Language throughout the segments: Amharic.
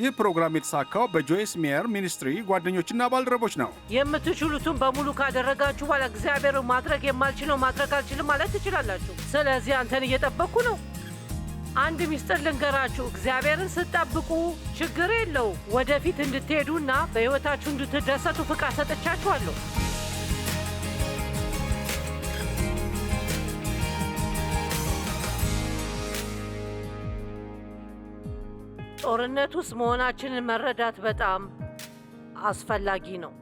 ይህ ፕሮግራም የተሳካው በጆይስ ሚየር ሚኒስትሪ ጓደኞችና ባልደረቦች ነው። የምትችሉትን በሙሉ ካደረጋችሁ በኋላ እግዚአብሔር ማድረግ የማልችለው ማድረግ አልችልም ማለት ትችላላችሁ። ስለዚህ አንተን እየጠበቅኩ ነው። አንድ ሚስጥር ልንገራችሁ፣ እግዚአብሔርን ስጠብቁ ችግር የለው። ወደፊት እንድትሄዱና በሕይወታችሁ እንድትደሰቱ ፍቃድ ሰጥቻችኋለሁ። ጦርነት ውስጥ መሆናችንን መረዳት በጣም አስፈላጊ ነው።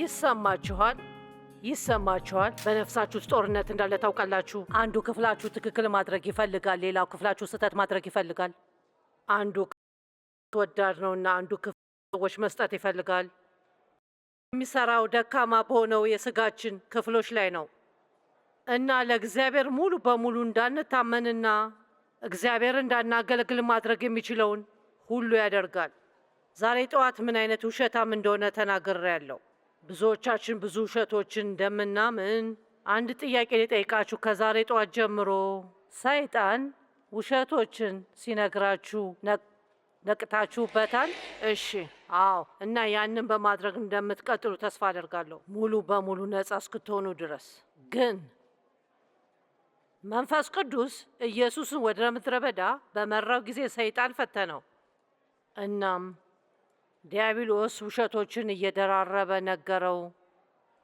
ይሰማችኋል ይሰማችኋል። በነፍሳችሁ ውስጥ ጦርነት እንዳለ ታውቃላችሁ። አንዱ ክፍላችሁ ትክክል ማድረግ ይፈልጋል፣ ሌላው ክፍላችሁ ስህተት ማድረግ ይፈልጋል። አንዱ ወዳድ ነውና አንዱ ክፍል ሰዎች መስጠት ይፈልጋል። የሚሰራው ደካማ በሆነው የስጋችን ክፍሎች ላይ ነው እና ለእግዚአብሔር ሙሉ በሙሉ እንዳንታመንና እግዚአብሔር እንዳናገለግል ማድረግ የሚችለውን ሁሉ ያደርጋል። ዛሬ ጠዋት ምን አይነት ውሸታም እንደሆነ ተናግሬያለሁ። ብዙዎቻችን ብዙ ውሸቶችን እንደምናምን አንድ ጥያቄ ሊጠይቃችሁ ከዛሬ ጠዋት ጀምሮ ሰይጣን ውሸቶችን ሲነግራችሁ ነቅታችሁበታል? እሺ፣ አዎ። እና ያንን በማድረግ እንደምትቀጥሉ ተስፋ አደርጋለሁ ሙሉ በሙሉ ነጻ እስክትሆኑ ድረስ ግን መንፈስ ቅዱስ ኢየሱስን ወደ ምድረ በዳ በመራው ጊዜ ሰይጣን ፈተነው። እናም ዲያብሎስ ውሸቶችን እየደራረበ ነገረው።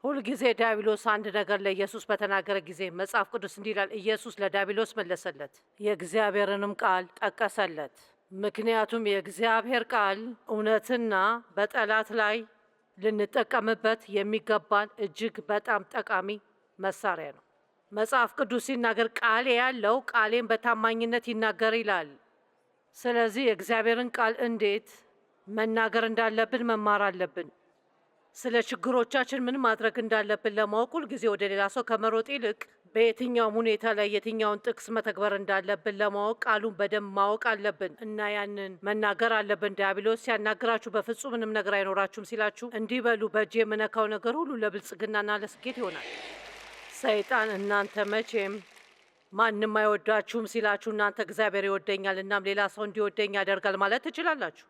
ሁልጊዜ ዲያብሎስ አንድ ነገር ለኢየሱስ በተናገረ ጊዜ መጽሐፍ ቅዱስ እንዲህ ይላል፣ ኢየሱስ ለዲያብሎስ መለሰለት፣ የእግዚአብሔርንም ቃል ጠቀሰለት። ምክንያቱም የእግዚአብሔር ቃል እውነትና በጠላት ላይ ልንጠቀምበት የሚገባን እጅግ በጣም ጠቃሚ መሳሪያ ነው። መጽሐፍ ቅዱስ ሲናገር ቃሌ ያለው ቃሌን በታማኝነት ይናገር ይላል። ስለዚህ የእግዚአብሔርን ቃል እንዴት መናገር እንዳለብን መማር አለብን። ስለ ችግሮቻችን ምን ማድረግ እንዳለብን ለማወቅ ሁልጊዜ ወደ ሌላ ሰው ከመሮጥ ይልቅ በየትኛውም ሁኔታ ላይ የትኛውን ጥቅስ መተግበር እንዳለብን ለማወቅ ቃሉን በደንብ ማወቅ አለብን እና ያንን መናገር አለብን። ዲያብሎስ ሲያናግራችሁ በፍጹም ምንም ነገር አይኖራችሁም ሲላችሁ እንዲህ በሉ፣ በእጅ የምነካው ነገር ሁሉ ለብልጽግናና ለስኬት ይሆናል። ሰይጣን እናንተ መቼም ማንም አይወዳችሁም ሲላችሁ እናንተ እግዚአብሔር ይወደኛል እናም ሌላ ሰው እንዲወደኝ ያደርጋል ማለት ትችላላችሁ።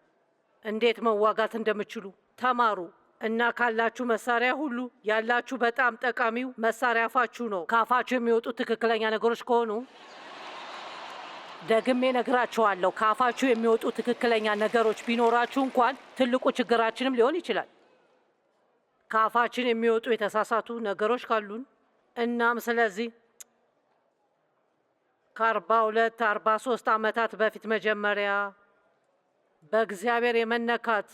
እንዴት መዋጋት እንደምችሉ ተማሩ እና ካላችሁ መሳሪያ ሁሉ ያላችሁ በጣም ጠቃሚው መሳሪያ አፋችሁ ነው። ከአፋችሁ የሚወጡት ትክክለኛ ነገሮች ከሆኑ ደግሜ ነግራችኋለሁ። ከአፋችሁ የሚወጡ ትክክለኛ ነገሮች ቢኖራችሁ እንኳን ትልቁ ችግራችንም ሊሆን ይችላል። ከአፋችን የሚወጡ የተሳሳቱ ነገሮች ካሉን እናም ስለዚህ ከአርባ ሁለት አርባ ሶስት ዓመታት በፊት መጀመሪያ በእግዚአብሔር የመነካት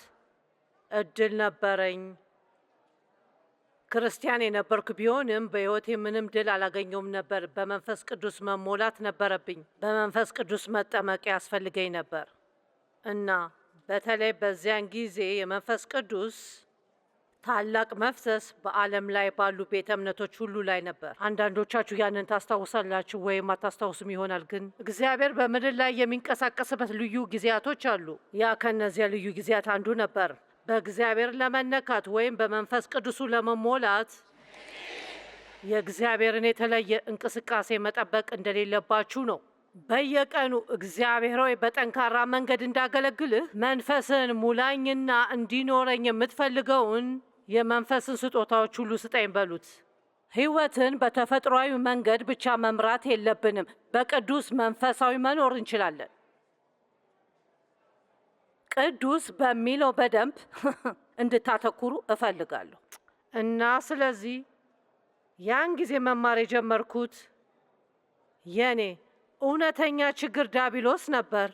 እድል ነበረኝ። ክርስቲያን የነበርኩ ቢሆንም በሕይወቴ ምንም ድል አላገኘውም ነበር። በመንፈስ ቅዱስ መሞላት ነበረብኝ። በመንፈስ ቅዱስ መጠመቅ ያስፈልገኝ ነበር እና በተለይ በዚያን ጊዜ የመንፈስ ቅዱስ ታላቅ መፍሰስ በዓለም ላይ ባሉ ቤተ እምነቶች ሁሉ ላይ ነበር። አንዳንዶቻችሁ ያንን ታስታውሳላችሁ ወይም አታስታውስም ይሆናል። ግን እግዚአብሔር በምድር ላይ የሚንቀሳቀስበት ልዩ ጊዜያቶች አሉ። ያ ከእነዚያ ልዩ ጊዜያት አንዱ ነበር። በእግዚአብሔር ለመነካት ወይም በመንፈስ ቅዱሱ ለመሞላት የእግዚአብሔርን የተለየ እንቅስቃሴ መጠበቅ እንደሌለባችሁ ነው። በየቀኑ እግዚአብሔር ሆይ በጠንካራ መንገድ እንዳገለግልህ መንፈስን ሙላኝና እንዲኖረኝ የምትፈልገውን የመንፈስን ስጦታዎች ሁሉ ስጠኝ በሉት። ህይወትን በተፈጥሯዊ መንገድ ብቻ መምራት የለብንም። በቅዱስ መንፈሳዊ መኖር እንችላለን። ቅዱስ በሚለው በደንብ እንድታተኩሩ እፈልጋለሁ እና ስለዚህ ያን ጊዜ መማር የጀመርኩት የኔ እውነተኛ ችግር ዳቢሎስ ነበር፣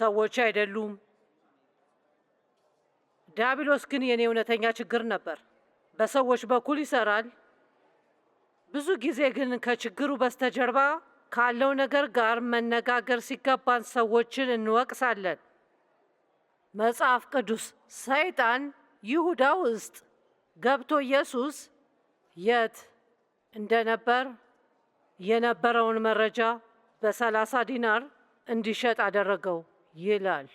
ሰዎች አይደሉም። ዲያብሎስ ግን የኔ እውነተኛ ችግር ነበር። በሰዎች በኩል ይሰራል። ብዙ ጊዜ ግን ከችግሩ በስተጀርባ ካለው ነገር ጋር መነጋገር ሲገባን ሰዎችን እንወቅሳለን። መጽሐፍ ቅዱስ ሰይጣን ይሁዳ ውስጥ ገብቶ ኢየሱስ የት እንደነበር የነበረውን መረጃ በሰላሳ ዲናር እንዲሸጥ አደረገው ይላል።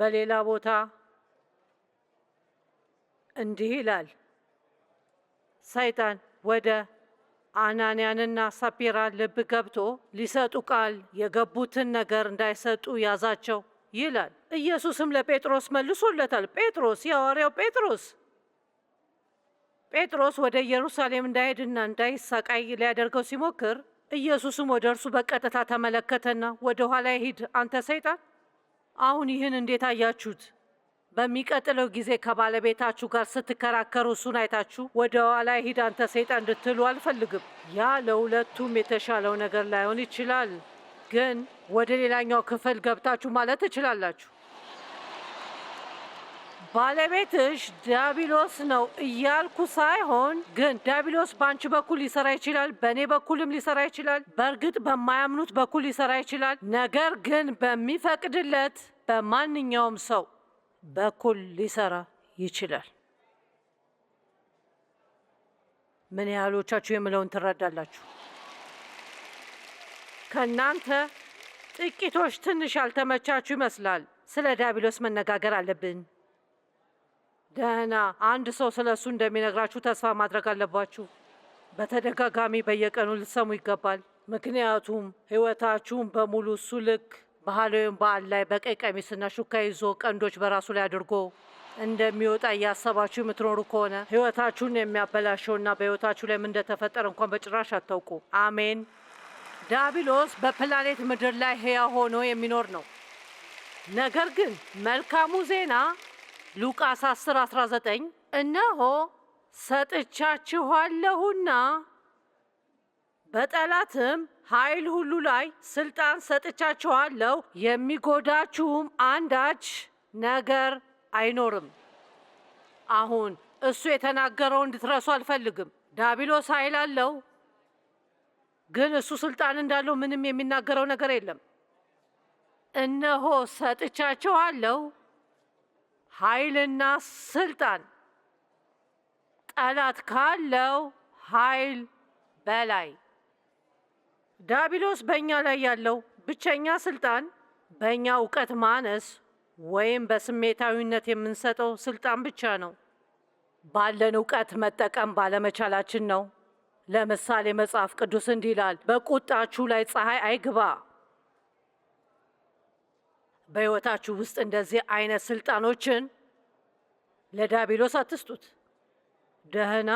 በሌላ ቦታ እንዲህ ይላል። ሰይጣን ወደ አናንያንና ሳፒራ ልብ ገብቶ ሊሰጡ ቃል የገቡትን ነገር እንዳይሰጡ ያዛቸው ይላል። ኢየሱስም ለጴጥሮስ መልሶለታል። ጴጥሮስ የሐዋርያው ጴጥሮስ ጴጥሮስ ወደ ኢየሩሳሌም እንዳይሄድና እንዳይሳቃይ ሊያደርገው ሲሞክር ኢየሱስም ወደ እርሱ በቀጥታ ተመለከተና ወደ ኋላ ሂድ አንተ ሰይጣን፣ አሁን ይህን እንዴት አያችሁት? በሚቀጥለው ጊዜ ከባለቤታችሁ ጋር ስትከራከሩ እሱን አይታችሁ ወደ ኋላ ሂድ አንተ ሰይጣን እንድትሉ አልፈልግም። ያ ለሁለቱም የተሻለው ነገር ላይሆን ይችላል፣ ግን ወደ ሌላኛው ክፍል ገብታችሁ ማለት ትችላላችሁ። ባለቤትሽ ዲያብሎስ ነው እያልኩ ሳይሆን፣ ግን ዲያብሎስ በአንቺ በኩል ሊሰራ ይችላል፣ በእኔ በኩልም ሊሰራ ይችላል። በእርግጥ በማያምኑት በኩል ሊሰራ ይችላል፣ ነገር ግን በሚፈቅድለት በማንኛውም ሰው በኩል ሊሰራ ይችላል። ምን ያህሎቻችሁ የምለውን ትረዳላችሁ? ከእናንተ ጥቂቶች ትንሽ ያልተመቻችሁ ይመስላል። ስለ ዲያብሎስ መነጋገር አለብን። ደህና አንድ ሰው ስለ እሱ እንደሚነግራችሁ ተስፋ ማድረግ አለባችሁ። በተደጋጋሚ በየቀኑ ልትሰሙ ይገባል፣ ምክንያቱም ሕይወታችሁን በሙሉ እሱ ልክ ባህላዊውን በዓል ላይ በቀይ ቀሚስና ሹካ ይዞ ቀንዶች በራሱ ላይ አድርጎ እንደሚወጣ እያሰባችሁ የምትኖሩ ከሆነ ህይወታችሁን የሚያበላሸውና በህይወታችሁ ላይ ምን እንደተፈጠረ እንኳን በጭራሽ አታውቁ። አሜን። ዳቢሎስ በፕላኔት ምድር ላይ ህያ ሆኖ የሚኖር ነው። ነገር ግን መልካሙ ዜና ሉቃስ 10 19 እነሆ ሰጥቻችኋለሁና በጠላትም ኃይል ሁሉ ላይ ስልጣን ሰጥቻችኋለሁ፣ የሚጎዳችሁም አንዳች ነገር አይኖርም። አሁን እሱ የተናገረው እንድትረሱ አልፈልግም። ዳቢሎስ ኃይል አለው፣ ግን እሱ ስልጣን እንዳለው ምንም የሚናገረው ነገር የለም። እነሆ ሰጥቻችኋለሁ ኃይልና ስልጣን ጠላት ካለው ኃይል በላይ ዳቢሎስ በእኛ ላይ ያለው ብቸኛ ስልጣን በእኛ እውቀት ማነስ ወይም በስሜታዊነት የምንሰጠው ስልጣን ብቻ ነው። ባለን እውቀት መጠቀም ባለመቻላችን ነው። ለምሳሌ መጽሐፍ ቅዱስ እንዲህ ይላል፣ በቁጣችሁ ላይ ፀሐይ አይግባ። በሕይወታችሁ ውስጥ እንደዚህ አይነት ስልጣኖችን ለዳቢሎስ አትስጡት። ደህና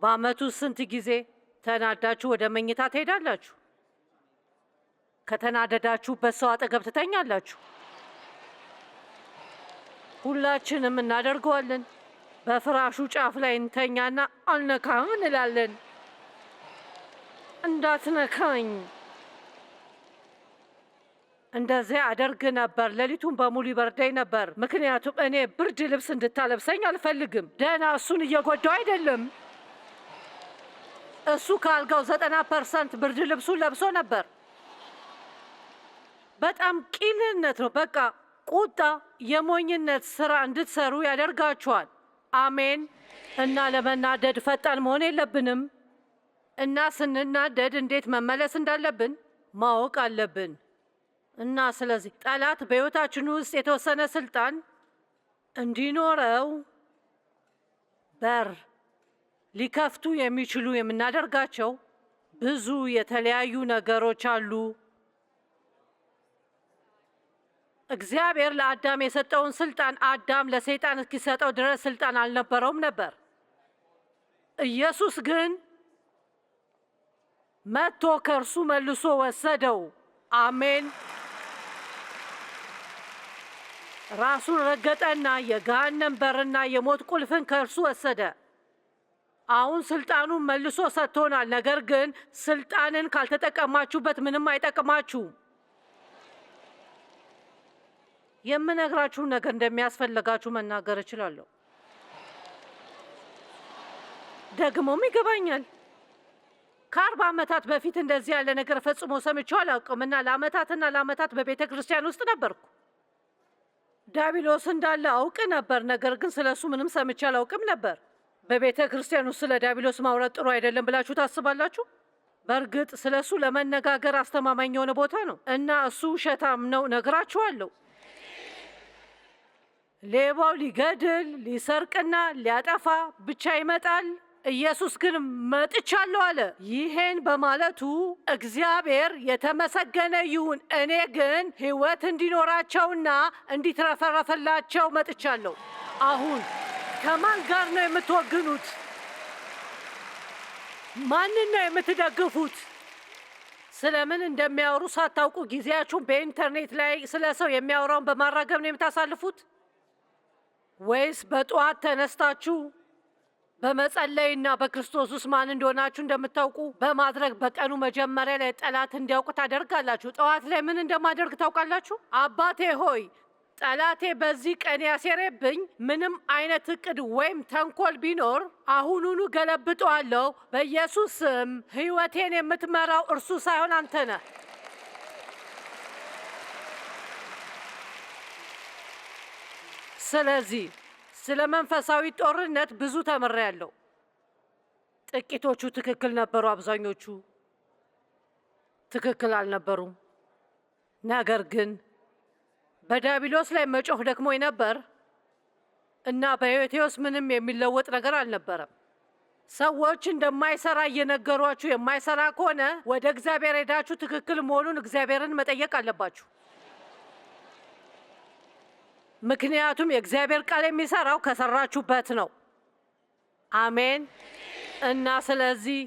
በአመቱ ስንት ጊዜ ተናዳችሁ ወደ መኝታ ትሄዳላችሁ። ከተናደዳችሁበት ሰው አጠገብ ትተኛላችሁ። ሁላችንም እናደርገዋለን። በፍራሹ ጫፍ ላይ እንተኛና አልነካም እንላለን። እንዳትነካኝ እንደዚያ አደርግ ነበር። ሌሊቱን በሙሉ ይበርደኝ ነበር፣ ምክንያቱም እኔ ብርድ ልብስ እንድታለብሰኝ አልፈልግም። ደህና እሱን እየጎዳው አይደለም። እሱ ካልጋው ዘጠና ፐርሰንት ብርድ ልብሱን ለብሶ ነበር። በጣም ቂልነት ነው። በቃ ቁጣ የሞኝነት ስራ እንድትሰሩ ያደርጋችኋል። አሜን። እና ለመናደድ ፈጣን መሆን የለብንም እና ስንናደድ እንዴት መመለስ እንዳለብን ማወቅ አለብን። እና ስለዚህ ጠላት በሕይወታችን ውስጥ የተወሰነ ስልጣን እንዲኖረው በር ሊከፍቱ የሚችሉ የምናደርጋቸው ብዙ የተለያዩ ነገሮች አሉ። እግዚአብሔር ለአዳም የሰጠውን ስልጣን አዳም ለሰይጣን እስኪሰጠው ድረስ ስልጣን አልነበረውም ነበር። ኢየሱስ ግን መጥቶ ከእርሱ መልሶ ወሰደው። አሜን። ራሱን ረገጠና የገሃነም በርና የሞት ቁልፍን ከእርሱ ወሰደ። አሁን ስልጣኑን መልሶ ሰጥቶናል። ነገር ግን ስልጣንን ካልተጠቀማችሁበት ምንም አይጠቅማችሁም። የምነግራችሁን ነገር እንደሚያስፈልጋችሁ መናገር እችላለሁ። ደግሞም ይገባኛል። ከአርባ ዓመታት በፊት እንደዚህ ያለ ነገር ፈጽሞ ሰምቼው አላውቅም እና ለዓመታትና ለዓመታት በቤተ ክርስቲያን ውስጥ ነበርኩ። ዳቢሎስ እንዳለ አውቅ ነበር፣ ነገር ግን ስለሱ ምንም ሰምቼ አላውቅም ነበር። በቤተ ክርስቲያኑ ስለ ዲያብሎስ ማውራት ጥሩ አይደለም ብላችሁ ታስባላችሁ? በእርግጥ ስለ እሱ ለመነጋገር አስተማማኝ የሆነ ቦታ ነው እና እሱ ውሸታም ነው ነግራችኋለሁ። ሌባው ሊገድል ሊሰርቅና ሊያጠፋ ብቻ ይመጣል። ኢየሱስ ግን መጥቻለሁ አለ። ይሄን በማለቱ እግዚአብሔር የተመሰገነ ይሁን። እኔ ግን ሕይወት እንዲኖራቸውና እንዲትረፈረፈላቸው መጥቻለሁ አሁን ከማን ጋር ነው የምትወግኑት? ማንን ነው የምትደግፉት? ስለምን እንደሚያወሩ ሳታውቁ ጊዜያችሁን በኢንተርኔት ላይ ስለ ሰው የሚያወራውን በማራገብ ነው የምታሳልፉት? ወይስ በጠዋት ተነስታችሁ በመጸለይና በክርስቶስ ውስጥ ማን እንደሆናችሁ እንደምታውቁ በማድረግ በቀኑ መጀመሪያ ላይ ጠላት እንዲያውቁ ታደርጋላችሁ? ጠዋት ላይ ምን እንደማደርግ ታውቃላችሁ? አባቴ ሆይ ጠላቴ በዚህ ቀን ያሴረብኝ ምንም አይነት እቅድ ወይም ተንኮል ቢኖር አሁኑኑ ገለብጠዋለሁ። በኢየሱስ ስም ሕይወቴን የምትመራው እርሱ ሳይሆን አንተ ነህ። ስለዚህ ስለ መንፈሳዊ ጦርነት ብዙ ተምሬያለሁ። ጥቂቶቹ ትክክል ነበሩ፣ አብዛኞቹ ትክክል አልነበሩም። ነገር ግን በዳቢሎስ ላይ መጮህ ደክሞ ነበር እና በዮቴዎስ ምንም የሚለወጥ ነገር አልነበረም። ሰዎች እንደማይሰራ እየነገሯችሁ የማይሰራ ከሆነ ወደ እግዚአብሔር ሄዳችሁ ትክክል መሆኑን እግዚአብሔርን መጠየቅ አለባችሁ። ምክንያቱም የእግዚአብሔር ቃል የሚሰራው ከሰራችሁበት ነው። አሜን። እና ስለዚህ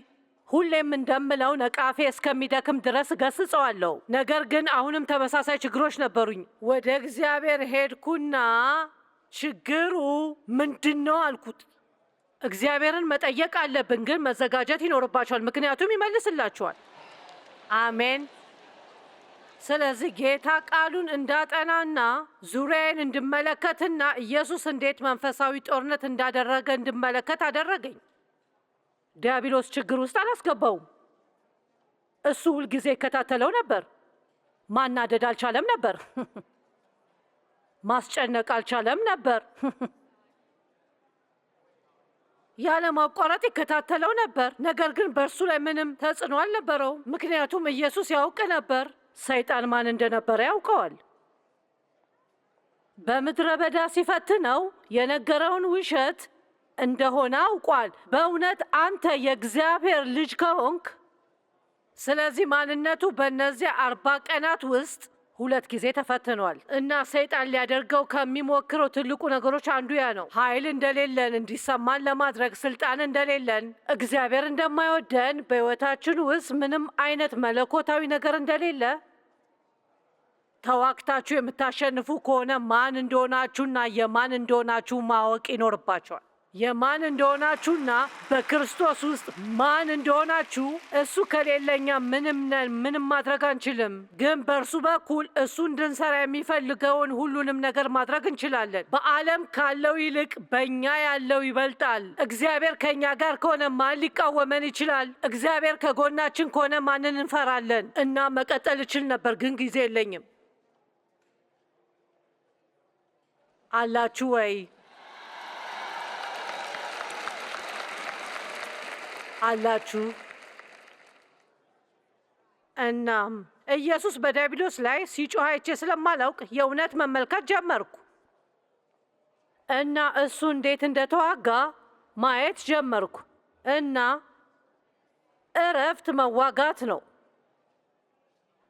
ሁሌም እንደምለው ነቃፌ እስከሚደክም ድረስ ገስጸዋለሁ። ነገር ግን አሁንም ተመሳሳይ ችግሮች ነበሩኝ። ወደ እግዚአብሔር ሄድኩና ችግሩ ምንድን ነው አልኩት። እግዚአብሔርን መጠየቅ አለብን፣ ግን መዘጋጀት ይኖርባቸዋል፣ ምክንያቱም ይመልስላቸዋል። አሜን። ስለዚህ ጌታ ቃሉን እንዳጠናና ዙሪያዬን እንድመለከትና ኢየሱስ እንዴት መንፈሳዊ ጦርነት እንዳደረገ እንድመለከት አደረገኝ። ዲያብሎስ ችግር ውስጥ አላስገባውም። እሱ ሁልጊዜ ይከታተለው ነበር። ማናደድ አልቻለም ነበር። ማስጨነቅ አልቻለም ነበር። ያለ ማቋረጥ ይከታተለው ነበር። ነገር ግን በእርሱ ላይ ምንም ተጽዕኖ አልነበረው? ምክንያቱም ኢየሱስ ያውቅ ነበር። ሰይጣን ማን እንደነበረ ያውቀዋል። በምድረ በዳ ሲፈትነው የነገረውን ውሸት እንደሆነ አውቋል። በእውነት አንተ የእግዚአብሔር ልጅ ከሆንክ፣ ስለዚህ ማንነቱ በእነዚያ አርባ ቀናት ውስጥ ሁለት ጊዜ ተፈትኗል እና ሰይጣን ሊያደርገው ከሚሞክረው ትልቁ ነገሮች አንዱ ያ ነው። ኃይል እንደሌለን እንዲሰማን ለማድረግ ስልጣን እንደሌለን፣ እግዚአብሔር እንደማይወደን፣ በሕይወታችን ውስጥ ምንም አይነት መለኮታዊ ነገር እንደሌለ ተዋግታችሁ የምታሸንፉ ከሆነ ማን እንደሆናችሁና የማን እንደሆናችሁ ማወቅ ይኖርባቸዋል። የማን እንደሆናችሁና በክርስቶስ ውስጥ ማን እንደሆናችሁ እሱ ከሌለኛ ምንም ነን፣ ምንም ማድረግ አንችልም። ግን በእርሱ በኩል እሱ እንድንሰራ የሚፈልገውን ሁሉንም ነገር ማድረግ እንችላለን። በዓለም ካለው ይልቅ በእኛ ያለው ይበልጣል። እግዚአብሔር ከእኛ ጋር ከሆነ ማን ሊቃወመን ይችላል? እግዚአብሔር ከጎናችን ከሆነ ማንን እንፈራለን? እና መቀጠል እችል ነበር ግን ጊዜ የለኝም። አላችሁ ወይ? አላችሁ። እናም ኢየሱስ በዲያብሎስ ላይ ሲጮህ አይቼ ስለማላውቅ የእውነት መመልከት ጀመርኩ እና እሱ እንዴት እንደተዋጋ ማየት ጀመርኩ እና እረፍት መዋጋት ነው።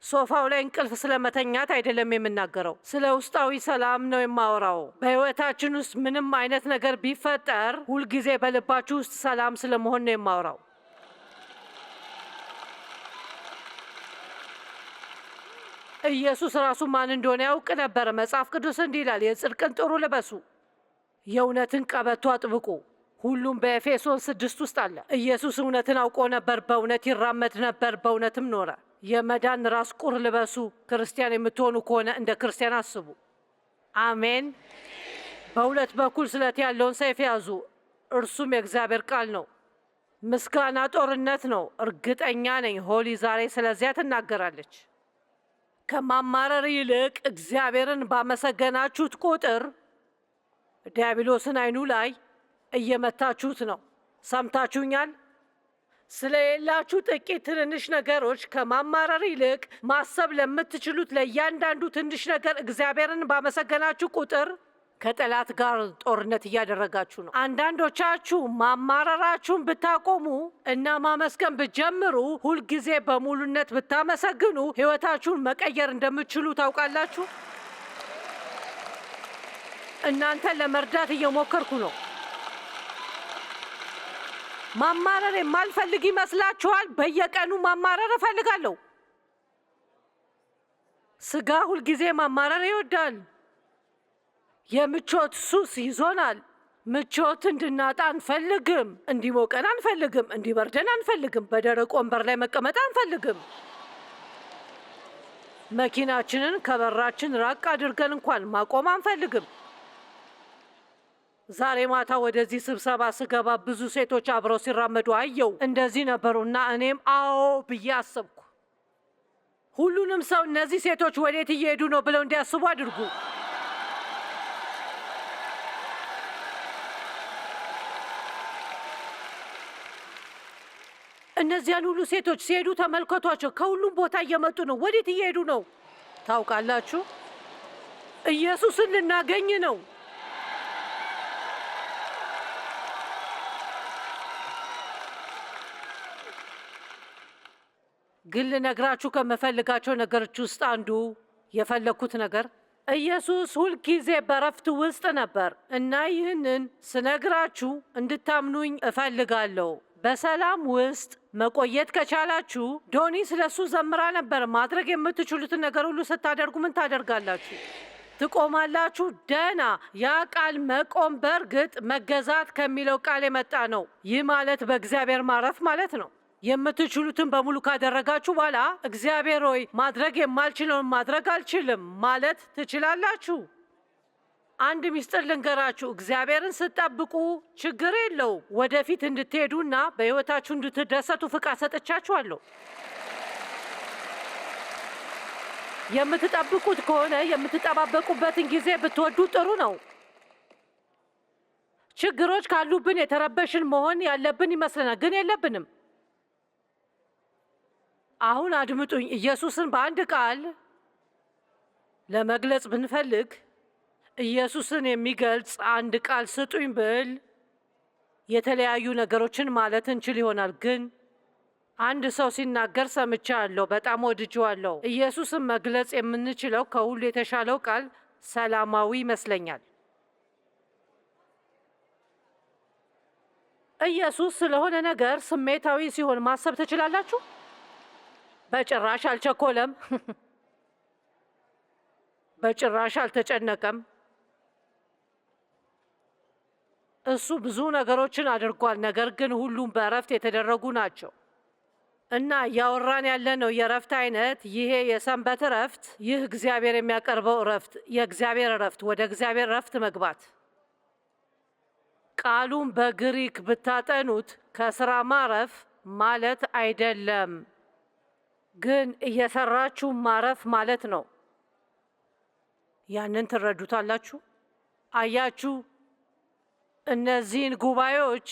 ሶፋው ላይ እንቅልፍ ስለመተኛት አይደለም የምናገረው፣ ስለ ውስጣዊ ሰላም ነው የማወራው። በህይወታችን ውስጥ ምንም አይነት ነገር ቢፈጠር ሁልጊዜ በልባችሁ ውስጥ ሰላም ስለመሆን ነው የማወራው። ኢየሱስ ራሱ ማን እንደሆነ ያውቅ ነበረ። መጽሐፍ ቅዱስ እንዲህ ይላል፣ የጽድቅን ጥሩ ልበሱ፣ የእውነትን ቀበቶ አጥብቁ። ሁሉም በኤፌሶን ስድስት ውስጥ አለ። ኢየሱስ እውነትን አውቆ ነበር፣ በእውነት ይራመድ ነበር፣ በእውነትም ኖረ። የመዳን ራስ ቁር ልበሱ። ክርስቲያን የምትሆኑ ከሆነ እንደ ክርስቲያን አስቡ። አሜን። በሁለት በኩል ስለት ያለውን ሰይፍ ያዙ፣ እርሱም የእግዚአብሔር ቃል ነው። ምስጋና ጦርነት ነው። እርግጠኛ ነኝ ሆሊ ዛሬ ስለዚያ ትናገራለች። ከማማረር ይልቅ እግዚአብሔርን ባመሰገናችሁት ቁጥር ዲያብሎስን አይኑ ላይ እየመታችሁት ነው። ሰምታችሁኛል? ስለሌላችሁ ጥቂት ትንንሽ ነገሮች ከማማረር ይልቅ ማሰብ ለምትችሉት ለእያንዳንዱ ትንሽ ነገር እግዚአብሔርን ባመሰገናችሁ ቁጥር ከጠላት ጋር ጦርነት እያደረጋችሁ ነው። አንዳንዶቻችሁ ማማረራችሁን ብታቆሙ እና ማመስገን ብትጀምሩ፣ ሁልጊዜ በሙሉነት ብታመሰግኑ ሕይወታችሁን መቀየር እንደምትችሉ ታውቃላችሁ። እናንተን ለመርዳት እየሞከርኩ ነው። ማማረር የማልፈልግ ይመስላችኋል? በየቀኑ ማማረር እፈልጋለሁ። ስጋ ሁልጊዜ ማማረር ይወዳል። የምቾት ሱስ ይዞናል። ምቾት እንድናጣ አንፈልግም። እንዲሞቀን አንፈልግም። እንዲበርደን አንፈልግም። በደረቅ ወንበር ላይ መቀመጥ አንፈልግም። መኪናችንን ከበራችን ራቅ አድርገን እንኳን ማቆም አንፈልግም። ዛሬ ማታ ወደዚህ ስብሰባ ስገባ ብዙ ሴቶች አብረው ሲራመዱ አየው። እንደዚህ ነበሩና እኔም አዎ ብዬ አሰብኩ። ሁሉንም ሰው እነዚህ ሴቶች ወዴት እየሄዱ ነው ብለው እንዲያስቡ አድርጉ። እነዚያን ሁሉ ሴቶች ሲሄዱ ተመልከቷቸው። ከሁሉም ቦታ እየመጡ ነው። ወዴት እየሄዱ ነው ታውቃላችሁ? ኢየሱስን ልናገኝ ነው። ግን ልነግራችሁ ከምፈልጋቸው ነገሮች ውስጥ አንዱ የፈለግኩት ነገር ኢየሱስ ሁልጊዜ በረፍት ውስጥ ነበር እና ይህንን ስነግራችሁ እንድታምኑኝ እፈልጋለሁ። በሰላም ውስጥ መቆየት ከቻላችሁ ዶኒ ስለሱ ዘምራ ነበር። ማድረግ የምትችሉትን ነገር ሁሉ ስታደርጉ ምን ታደርጋላችሁ? ትቆማላችሁ። ደህና። ያ ቃል መቆም በእርግጥ መገዛት ከሚለው ቃል የመጣ ነው። ይህ ማለት በእግዚአብሔር ማረፍ ማለት ነው። የምትችሉትን በሙሉ ካደረጋችሁ በኋላ እግዚአብሔር ሆይ ማድረግ የማልችለውን ማድረግ አልችልም ማለት ትችላላችሁ። አንድ ሚስጥር ልንገራችሁ። እግዚአብሔርን ስጠብቁ ችግር የለው ወደፊት እንድትሄዱና በሕይወታችሁ እንድትደሰቱ ፍቃድ ሰጥቻችኋለሁ። የምትጠብቁት ከሆነ የምትጠባበቁበትን ጊዜ ብትወዱ ጥሩ ነው። ችግሮች ካሉብን የተረበሽን መሆን ያለብን ይመስለናል፣ ግን የለብንም። አሁን አድምጡኝ። ኢየሱስን በአንድ ቃል ለመግለጽ ብንፈልግ ኢየሱስን የሚገልጽ አንድ ቃል ስጡኝ ብል የተለያዩ ነገሮችን ማለት እንችል ይሆናል። ግን አንድ ሰው ሲናገር ሰምቻለሁ፣ በጣም ወድጄዋለሁ። ኢየሱስን መግለጽ የምንችለው ከሁሉ የተሻለው ቃል ሰላማዊ ይመስለኛል። ኢየሱስ ስለሆነ ነገር ስሜታዊ ሲሆን ማሰብ ትችላላችሁ። በጭራሽ አልቸኮለም። በጭራሽ አልተጨነቀም። እሱ ብዙ ነገሮችን አድርጓል፣ ነገር ግን ሁሉም በእረፍት የተደረጉ ናቸው። እና እያወራን ያለነው የእረፍት አይነት ይሄ የሰንበት እረፍት፣ ይህ እግዚአብሔር የሚያቀርበው እረፍት፣ የእግዚአብሔር እረፍት፣ ወደ እግዚአብሔር እረፍት መግባት። ቃሉን በግሪክ ብታጠኑት ከስራ ማረፍ ማለት አይደለም። ግን እየሰራችሁ ማረፍ ማለት ነው። ያንን ትረዱታላችሁ። አያችሁ፣ እነዚህን ጉባኤዎች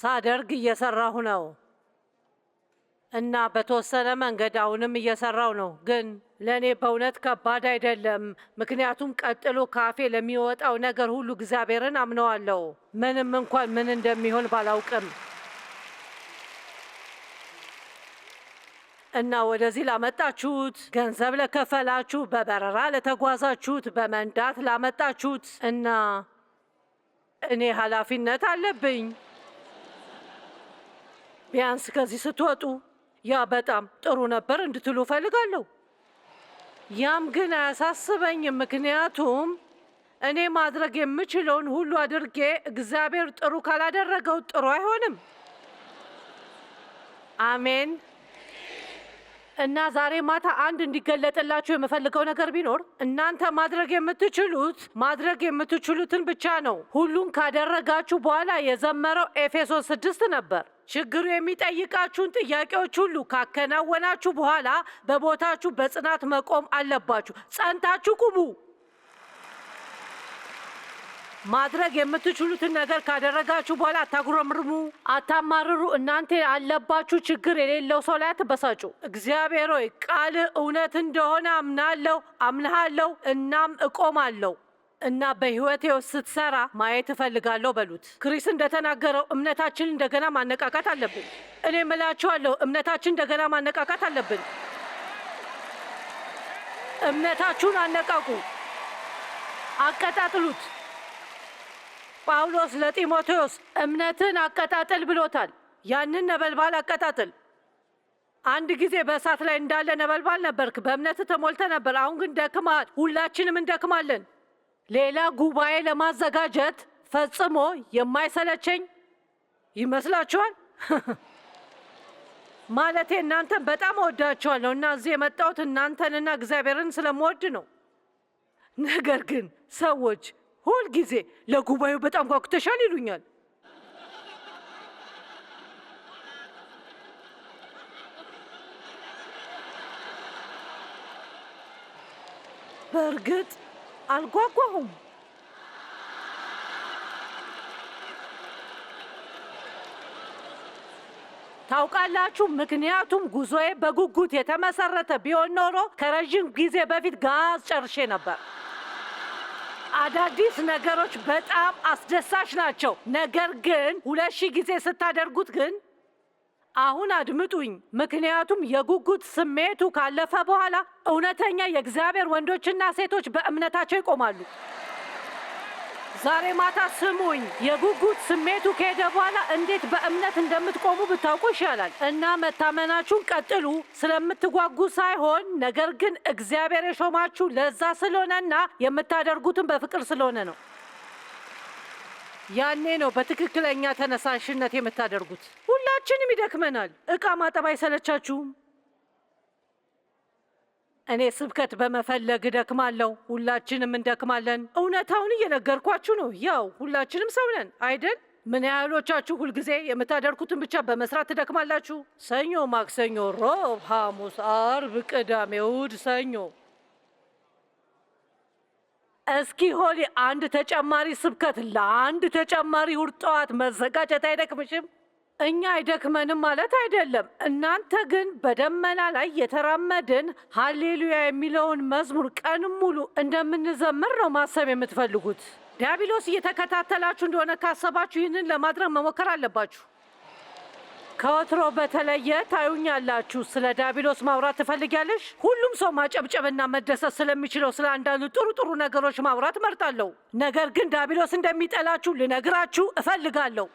ሳደርግ እየሰራሁ ነው እና በተወሰነ መንገድ አሁንም እየሰራው ነው። ግን ለእኔ በእውነት ከባድ አይደለም፣ ምክንያቱም ቀጥሎ ካፌ ለሚወጣው ነገር ሁሉ እግዚአብሔርን አምነዋለሁ፣ ምንም እንኳን ምን እንደሚሆን ባላውቅም። እና ወደዚህ ላመጣችሁት ገንዘብ ለከፈላችሁ፣ በበረራ ለተጓዛችሁት፣ በመንዳት ላመጣችሁት እና እኔ ኃላፊነት አለብኝ። ቢያንስ ከዚህ ስትወጡ ያ በጣም ጥሩ ነበር እንድትሉ እፈልጋለሁ። ያም ግን አያሳስበኝም፣ ምክንያቱም እኔ ማድረግ የምችለውን ሁሉ አድርጌ እግዚአብሔር ጥሩ ካላደረገው ጥሩ አይሆንም። አሜን። እና ዛሬ ማታ አንድ እንዲገለጥላችሁ የምፈልገው ነገር ቢኖር እናንተ ማድረግ የምትችሉት ማድረግ የምትችሉትን ብቻ ነው። ሁሉን ካደረጋችሁ በኋላ የዘመረው ኤፌሶን ስድስት ነበር። ችግሩ የሚጠይቃችሁን ጥያቄዎች ሁሉ ካከናወናችሁ በኋላ በቦታችሁ በጽናት መቆም አለባችሁ። ጸንታችሁ ቁሙ። ማድረግ የምትችሉትን ነገር ካደረጋችሁ በኋላ አታጉረምርሙ፣ አታማርሩ። እናንተ ያለባችሁ ችግር የሌለው ሰው ላይ አትበሳጩ። እግዚአብሔር ሆይ ቃል እውነት እንደሆነ አምናለሁ፣ አምንሃለሁ፣ እናም እቆማለሁ እና በህይወቴ ውስጥ ስትሰራ ማየት እፈልጋለሁ በሉት። ክሪስ እንደተናገረው እምነታችንን እንደገና ማነቃቃት አለብን። እኔ እምላችኋለሁ እምነታችን እንደገና ማነቃቃት አለብን። እምነታችሁን አነቃቁ፣ አቀጣጥሉት። ጳውሎስ ለጢሞቴዎስ እምነትን አቀጣጥል ብሎታል። ያንን ነበልባል አቀጣጥል። አንድ ጊዜ በእሳት ላይ እንዳለ ነበልባል ነበርክ። በእምነት ተሞልተ ነበር። አሁን ግን ደክመሃል። ሁላችንም እንደክማለን። ሌላ ጉባኤ ለማዘጋጀት ፈጽሞ የማይሰለቸኝ ይመስላችኋል? ማለቴ እናንተን በጣም እወዳችኋለሁ እና እዚህ የመጣሁት እናንተንና እግዚአብሔርን ስለምወድ ነው። ነገር ግን ሰዎች ሁል ጊዜ ለጉባኤው በጣም ጓጉተሻል ይሉኛል። በእርግጥ አልጓጓሁም። ታውቃላችሁ፣ ምክንያቱም ጉዞዬ በጉጉት የተመሰረተ ቢሆን ኖሮ ከረዥም ጊዜ በፊት ጋዝ ጨርሼ ነበር። አዳዲስ ነገሮች በጣም አስደሳች ናቸው። ነገር ግን ሁለት ሺህ ጊዜ ስታደርጉት ግን አሁን አድምጡኝ፣ ምክንያቱም የጉጉት ስሜቱ ካለፈ በኋላ እውነተኛ የእግዚአብሔር ወንዶችና ሴቶች በእምነታቸው ይቆማሉ። ዛሬ ማታ ስሙኝ። የጉጉት ስሜቱ ከሄደ በኋላ እንዴት በእምነት እንደምትቆሙ ብታውቁ ይሻላል እና መታመናችሁን ቀጥሉ። ስለምትጓጉ ሳይሆን ነገር ግን እግዚአብሔር የሾማችሁ ለዛ ስለሆነና የምታደርጉትን በፍቅር ስለሆነ ነው። ያኔ ነው በትክክለኛ ተነሳሽነት የምታደርጉት። ሁላችንም ይደክመናል። እቃ ማጠብ አይሰለቻችሁም? እኔ ስብከት በመፈለግ እደክማለሁ። ሁላችንም እንደክማለን። እውነታውን እየነገርኳችሁ ነው። ያው ሁላችንም ሰው ነን አይደል? ምን ያህሎቻችሁ ሁልጊዜ የምታደርጉትን ብቻ በመስራት ትደክማላችሁ? ሰኞ፣ ማክሰኞ፣ ሮብ፣ ሐሙስ፣ አርብ፣ ቅዳሜ፣ ውድ ሰኞ። እስኪ ሆሊ አንድ ተጨማሪ ስብከት ለአንድ ተጨማሪ እሑድ ጠዋት መዘጋጀት አይደክምሽም? እኛ አይደክመንም ማለት አይደለም። እናንተ ግን በደመና ላይ የተራመድን ሀሌሉያ የሚለውን መዝሙር ቀንም ሙሉ እንደምንዘምር ነው ማሰብ የምትፈልጉት። ዲያብሎስ እየተከታተላችሁ እንደሆነ ካሰባችሁ ይህንን ለማድረግ መሞከር አለባችሁ። ከወትሮ በተለየ ታዩኛላችሁ። ስለ ዲያብሎስ ማውራት ትፈልጊያለሽ? ሁሉም ሰው ማጨብጨብና መደሰት ስለሚችለው ስለ አንዳንዱ ጥሩ ጥሩ ነገሮች ማውራት እመርጣለሁ። ነገር ግን ዲያብሎስ እንደሚጠላችሁ ልነግራችሁ እፈልጋለሁ።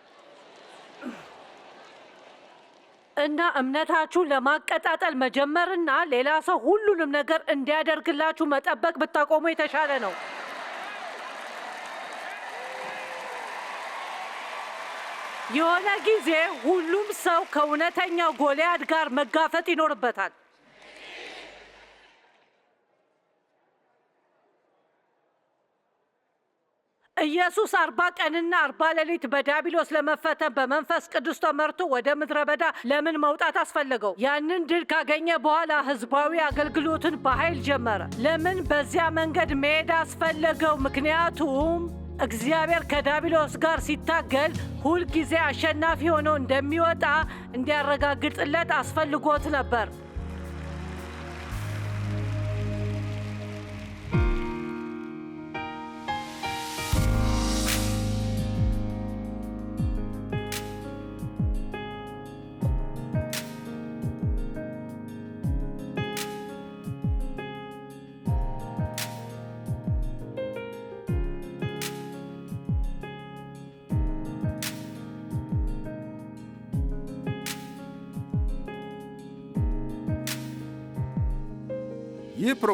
እና እምነታችሁ ለማቀጣጠል መጀመርና ሌላ ሰው ሁሉንም ነገር እንዲያደርግላችሁ መጠበቅ ብታቆሙ የተሻለ ነው። የሆነ ጊዜ ሁሉም ሰው ከእውነተኛው ጎልያድ ጋር መጋፈጥ ይኖርበታል። ኢየሱስ አርባ ቀንና አርባ ሌሊት በዲያብሎስ ለመፈተን በመንፈስ ቅዱስ ተመርቶ ወደ ምድረ በዳ ለምን መውጣት አስፈለገው? ያንን ድል ካገኘ በኋላ ህዝባዊ አገልግሎትን በኃይል ጀመረ። ለምን በዚያ መንገድ መሄድ አስፈለገው? ምክንያቱም እግዚአብሔር ከዳቢሎስ ጋር ሲታገል ሁልጊዜ አሸናፊ ሆኖ እንደሚወጣ እንዲያረጋግጥለት አስፈልጎት ነበር።